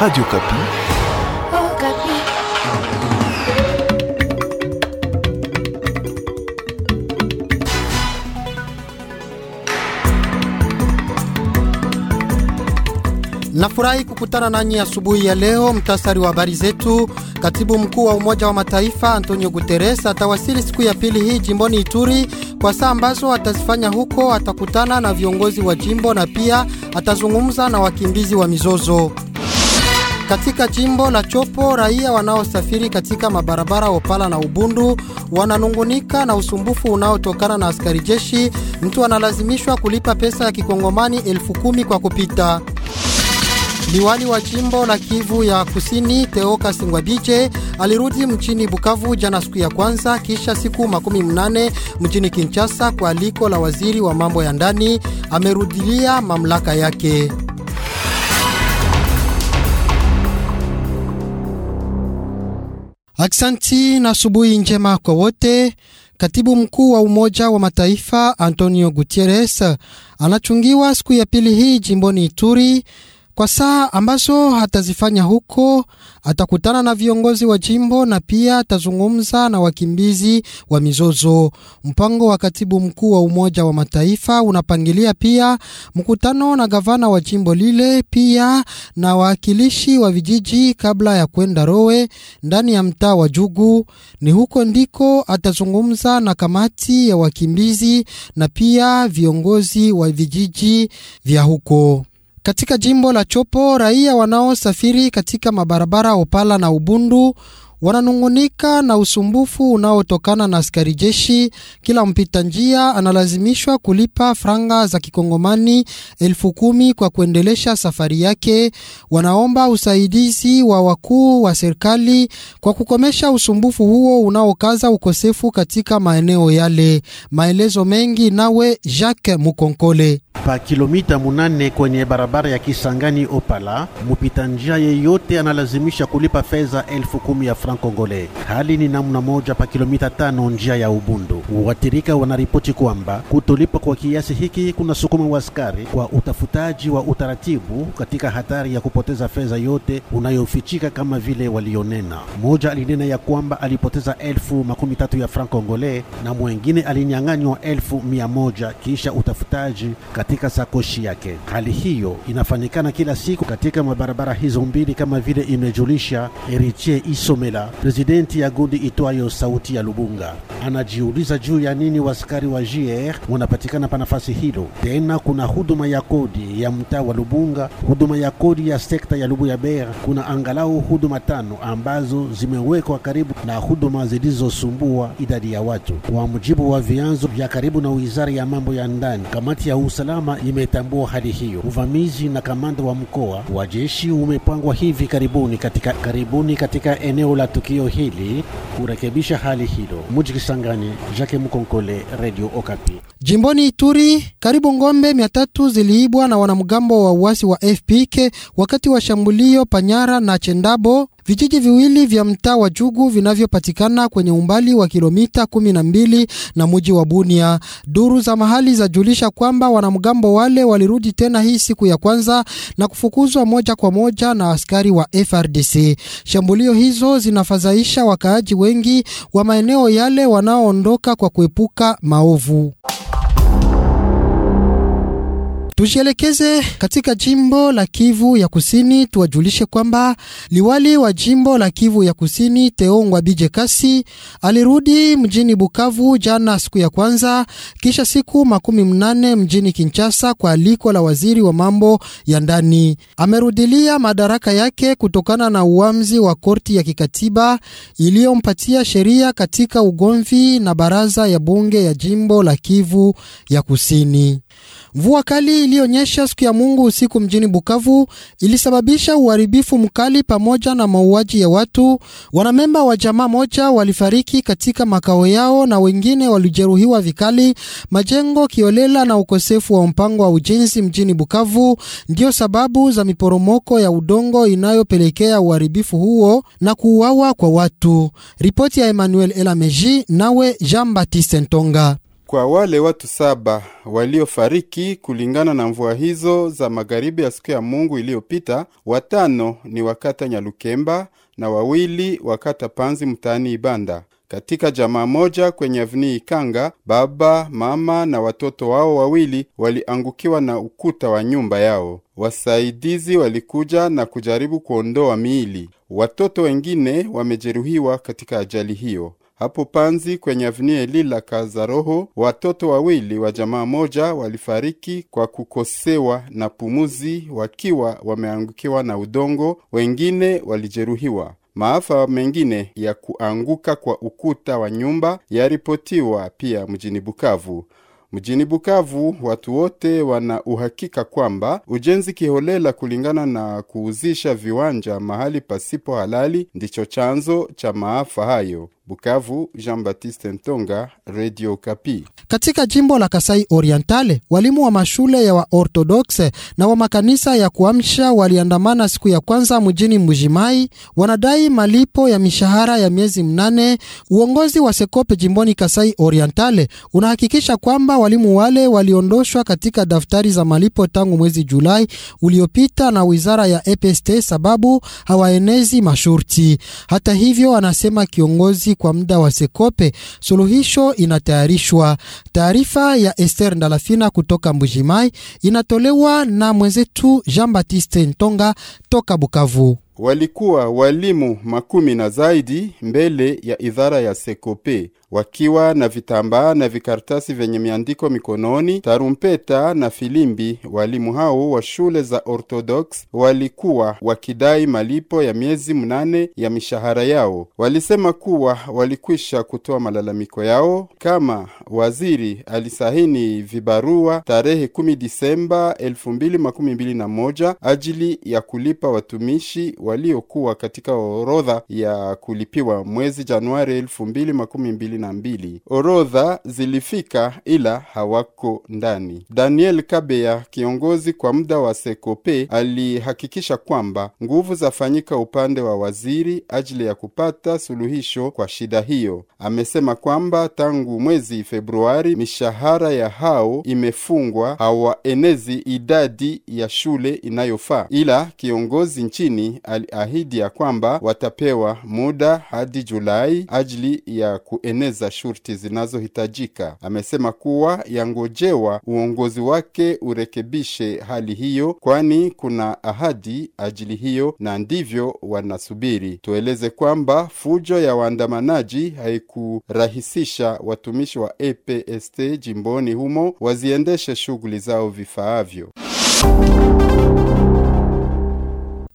Radio Kapi. Oh, Kapi. Nafurahi kukutana nanyi asubuhi ya, ya leo. Mtasari wa habari zetu. Katibu mkuu wa Umoja wa Mataifa Antonio Guterres atawasili siku ya pili hii jimboni Ituri kwa saa ambazo atazifanya huko. Atakutana na viongozi wa jimbo na pia atazungumza na wakimbizi wa mizozo. Katika jimbo la Chopo, raia wanaosafiri katika mabarabara Opala na Ubundu wananungunika na usumbufu unaotokana na askari jeshi. Mtu analazimishwa kulipa pesa ya kikongomani elfu kumi kwa kupita. Liwali wa jimbo la Kivu ya Kusini Teoka Singwabije alirudi mchini Bukavu jana siku ya kwanza kisha siku makumi mnane mjini Kinshasa kwa aliko la waziri wa mambo ya ndani amerudilia mamlaka yake. Aksanti na asubuhi njema kwa wote. Katibu mkuu wa Umoja wa Mataifa Antonio Gutierrez anachungiwa siku ya pili hii jimboni Ituri kwa saa ambazo atazifanya huko, atakutana na viongozi wa jimbo na pia atazungumza na wakimbizi wa mizozo. Mpango wa katibu mkuu wa Umoja wa Mataifa unapangilia pia mkutano na gavana wa jimbo lile, pia na wawakilishi wa vijiji kabla ya kwenda Rowe ndani ya mtaa wa Jugu. Ni huko ndiko atazungumza na kamati ya wakimbizi na pia viongozi wa vijiji vya huko. Katika jimbo la Chopo, raia wanaosafiri katika mabarabara Opala na Ubundu wananungunika na usumbufu unaotokana na askari jeshi. Kila mpita njia analazimishwa kulipa franga za kikongomani elfu kumi kwa kuendelesha safari yake. Wanaomba usaidizi wa wakuu wa serikali kwa kukomesha usumbufu huo unaokaza ukosefu katika maeneo yale. Maelezo mengi nawe Jacques Mukonkole. Pa kilomita munane kwenye barabara ya Kisangani Opala, mpita njia yeyote analazimisha kulipa fedha elfu kumi ya franga Franc-Congolais. Hali ni namna moja pa kilomita tano njia ya Ubundu. watirika wanaripoti kwamba kutolipa kwa kiasi hiki kuna sukuma waskari kwa utafutaji wa utaratibu katika hatari ya kupoteza fedha yote unayofichika kama vile walionena. Mmoja alinena ya kwamba alipoteza elfu makumi tatu ya Franc-Congolais na mwengine alinyang'anywa elfu mia moja kisha utafutaji katika sakoshi yake. Hali hiyo inafanyikana kila siku katika mabarabara hizo mbili kama vile imejulisha eritier Isomela. Kabila, prezidenti ya gundi itwayo Sauti ya Lubunga, anajiuliza juu ya nini wasikari wa JR wanapatikana pa nafasi hilo. Tena kuna huduma ya kodi ya mtaa wa Lubunga, huduma ya kodi ya sekta ya Ber. Kuna angalau huduma tano ambazo zimewekwa karibu na huduma zilizosumbua idadi ya watu. Kwa mujibu wa vyanzo vya karibu na wizara ya mambo ya ndani, kamati ya usalama imetambua hali hiyo. Uvamizi na kamanda wa mkoa wa jeshi umepangwa hivi karibuni katika, karibuni katika eneo la tukio hili kurekebisha hali hilo. Muji Kisangani, Jake Mukonkole, Radio Okapi. Jimboni Ituri, karibu ngombe mia tatu ziliibwa na wanamgambo wa uasi wa FPK wakati wa shambulio Panyara na Chendabo Vijiji viwili vya mtaa wa Jugu vinavyopatikana kwenye umbali wa kilomita mbili na mji wa Bunia. Duru za mahali zajulisha kwamba wanamgambo wale walirudi tena hii siku ya kwanza na kufukuzwa moja kwa moja na askari wa FRDC. Shambulio hizo zinafadhaisha wakaaji wengi wa maeneo yale wanaoondoka kwa kuepuka maovu. Tujielekeze katika jimbo la Kivu ya Kusini, tuwajulishe kwamba liwali wa jimbo la Kivu ya Kusini Teo Ngwabije Kasi alirudi mjini Bukavu jana siku ya kwanza kisha siku makumi mnane mjini Kinshasa kwa aliko la waziri wa mambo ya ndani. Amerudilia madaraka yake kutokana na uamuzi wa korti ya kikatiba iliyompatia sheria katika ugomvi na baraza ya bunge ya jimbo la Kivu ya Kusini. Mvua kali iliyonyesha siku ya Mungu usiku mjini Bukavu ilisababisha uharibifu mkali pamoja na mauaji ya watu. Wanamemba wa jamaa moja walifariki katika makao yao na wengine walijeruhiwa vikali. Majengo kiolela na ukosefu wa mpango wa ujenzi mjini Bukavu ndio sababu za miporomoko ya udongo inayopelekea uharibifu huo na kuuawa kwa watu. Ripoti ya Emmanuel Elameji nawe Jean Baptiste Ntonga kwa wale watu saba waliofariki kulingana na mvua hizo za magharibi ya siku ya Mungu iliyopita, watano ni wakata Nyalukemba na wawili wakata Panzi mtaani Ibanda katika jamaa moja kwenye avni Ikanga, baba mama na watoto wao wawili waliangukiwa na ukuta wa nyumba yao. Wasaidizi walikuja na kujaribu kuondoa miili. Watoto wengine wamejeruhiwa katika ajali hiyo. Hapo Panzi kwenye avenue Lila Kazaroho, watoto wawili wa jamaa moja walifariki kwa kukosewa na pumuzi wakiwa wameangukiwa na udongo, wengine walijeruhiwa. Maafa mengine ya kuanguka kwa ukuta wa nyumba yaripotiwa pia mjini Bukavu. Mjini Bukavu watu wote wana uhakika kwamba ujenzi kiholela kulingana na kuuzisha viwanja mahali pasipo halali ndicho chanzo cha maafa hayo. Bukavu, Jean-Baptiste Ntonga, Radio Kapi. Katika jimbo la Kasai Orientale, walimu wa mashule ya Waorthodoxe na wa makanisa ya kuamsha waliandamana siku ya kwanza mjini mbujimai wanadai malipo ya mishahara ya miezi mnane. Uongozi wa Sekope jimboni Kasai Orientale unahakikisha kwamba walimu wale waliondoshwa katika daftari za malipo tangu mwezi Julai uliopita na wizara ya EPST sababu hawaenezi masharti. Hata hivyo, anasema kiongozi kwa muda wa Sekope, suluhisho inatayarishwa. Taarifa ya Esther Ndalafina kutoka Mbujimai inatolewa na mwenzetu Jean Baptiste Ntonga toka Bukavu. Walikuwa walimu makumi na zaidi mbele ya idara ya Sekope wakiwa na vitambaa na vikaratasi vyenye miandiko mikononi, tarumpeta na filimbi. Walimu hao wa shule za Orthodox walikuwa wakidai malipo ya miezi mnane ya mishahara yao. Walisema kuwa walikwisha kutoa malalamiko yao kama waziri alisahini vibarua tarehe 10 Disemba 2021 ajili ya kulipa watumishi waliokuwa katika orodha ya kulipiwa mwezi Januari 2022. 22 orodha zilifika ila hawako ndani. Daniel Kabea, kiongozi kwa muda wa Sekope, alihakikisha kwamba nguvu zafanyika upande wa waziri ajili ya kupata suluhisho kwa shida hiyo. Amesema kwamba tangu mwezi Februari mishahara ya hao imefungwa, hawaenezi idadi ya shule inayofaa, ila kiongozi nchini aliahidi ya kwamba watapewa muda hadi Julai ajili ya kueneza kutotimiza shurti zinazohitajika. Amesema kuwa yangojewa uongozi wake urekebishe hali hiyo, kwani kuna ahadi ajili hiyo na ndivyo wanasubiri. Tueleze kwamba fujo ya waandamanaji haikurahisisha watumishi wa EPST jimboni humo waziendeshe shughuli zao vifaavyo.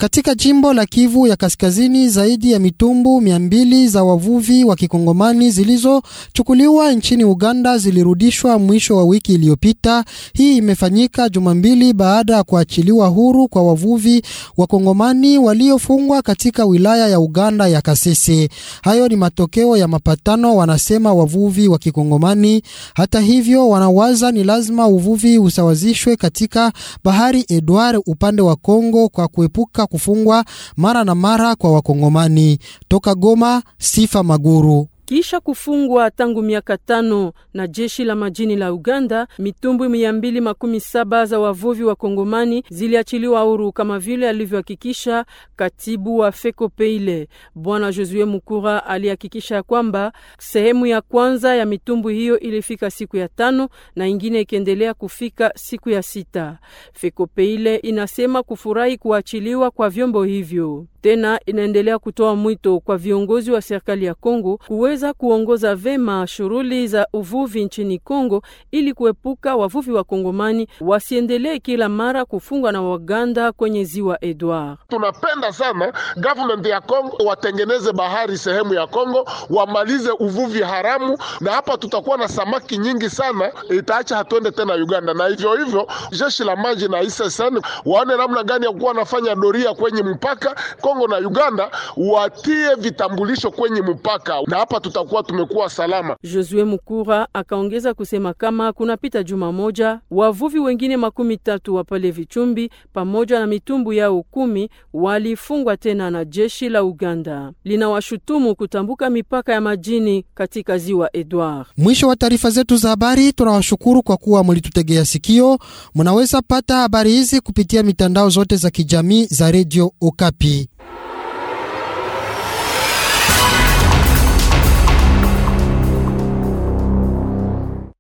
Katika jimbo la Kivu ya Kaskazini, zaidi ya mitumbu mia mbili za wavuvi wa kikongomani zilizochukuliwa nchini Uganda zilirudishwa mwisho wa wiki iliyopita. Hii imefanyika juma mbili baada ya kuachiliwa huru kwa wavuvi wakongomani waliofungwa katika wilaya ya Uganda ya Kasese. Hayo ni matokeo ya mapatano, wanasema wavuvi wa kikongomani. Hata hivyo, wanawaza ni lazima uvuvi usawazishwe katika bahari Edward upande wa Kongo kwa kuepuka kufungwa mara na mara kwa Wakongomani. Toka Goma, Sifa Maguru, kisha kufungwa tangu miaka tano na jeshi la majini la Uganda, mitumbwi mia mbili makumi saba za wavuvi wa Kongomani ziliachiliwa huru kama vile alivyohakikisha katibu wa Fekopeile Bwana Josue Mukura. Alihakikisha kwamba sehemu ya kwanza ya mitumbwi hiyo ilifika siku ya tano na ingine ikiendelea kufika siku ya sita. Fekopeile inasema kufurahi kuachiliwa kwa vyombo hivyo, tena inaendelea kutoa mwito kwa viongozi wa serikali ya Kongo kuweza kuweza kuongoza vema shughuli za uvuvi nchini Kongo ili kuepuka wavuvi wa Kongomani wasiendelee kila mara kufungwa na Waganda kwenye ziwa Edward. Tunapenda sana government ya Kongo watengeneze bahari sehemu ya Kongo, wamalize uvuvi haramu, na hapa tutakuwa na samaki nyingi sana, itaacha hatuende tena Uganda. Na hivyo hivyo jeshi la maji na ISSN waone namna gani ya kuwa wanafanya doria kwenye mpaka Kongo na Uganda, watie vitambulisho kwenye mpaka na hapa tutakuwa tumekuwa salama. Josue Mukura akaongeza kusema kama kunapita juma moja wavuvi wengine makumi tatu wa pale Vichumbi pamoja na mitumbu yao kumi walifungwa tena na jeshi la Uganda linawashutumu kutambuka mipaka ya majini katika ziwa Edward. Mwisho wa taarifa zetu za habari, tunawashukuru kwa kuwa mulitutegea sikio. Munaweza pata habari hizi kupitia mitandao zote za kijamii za Radio Okapi.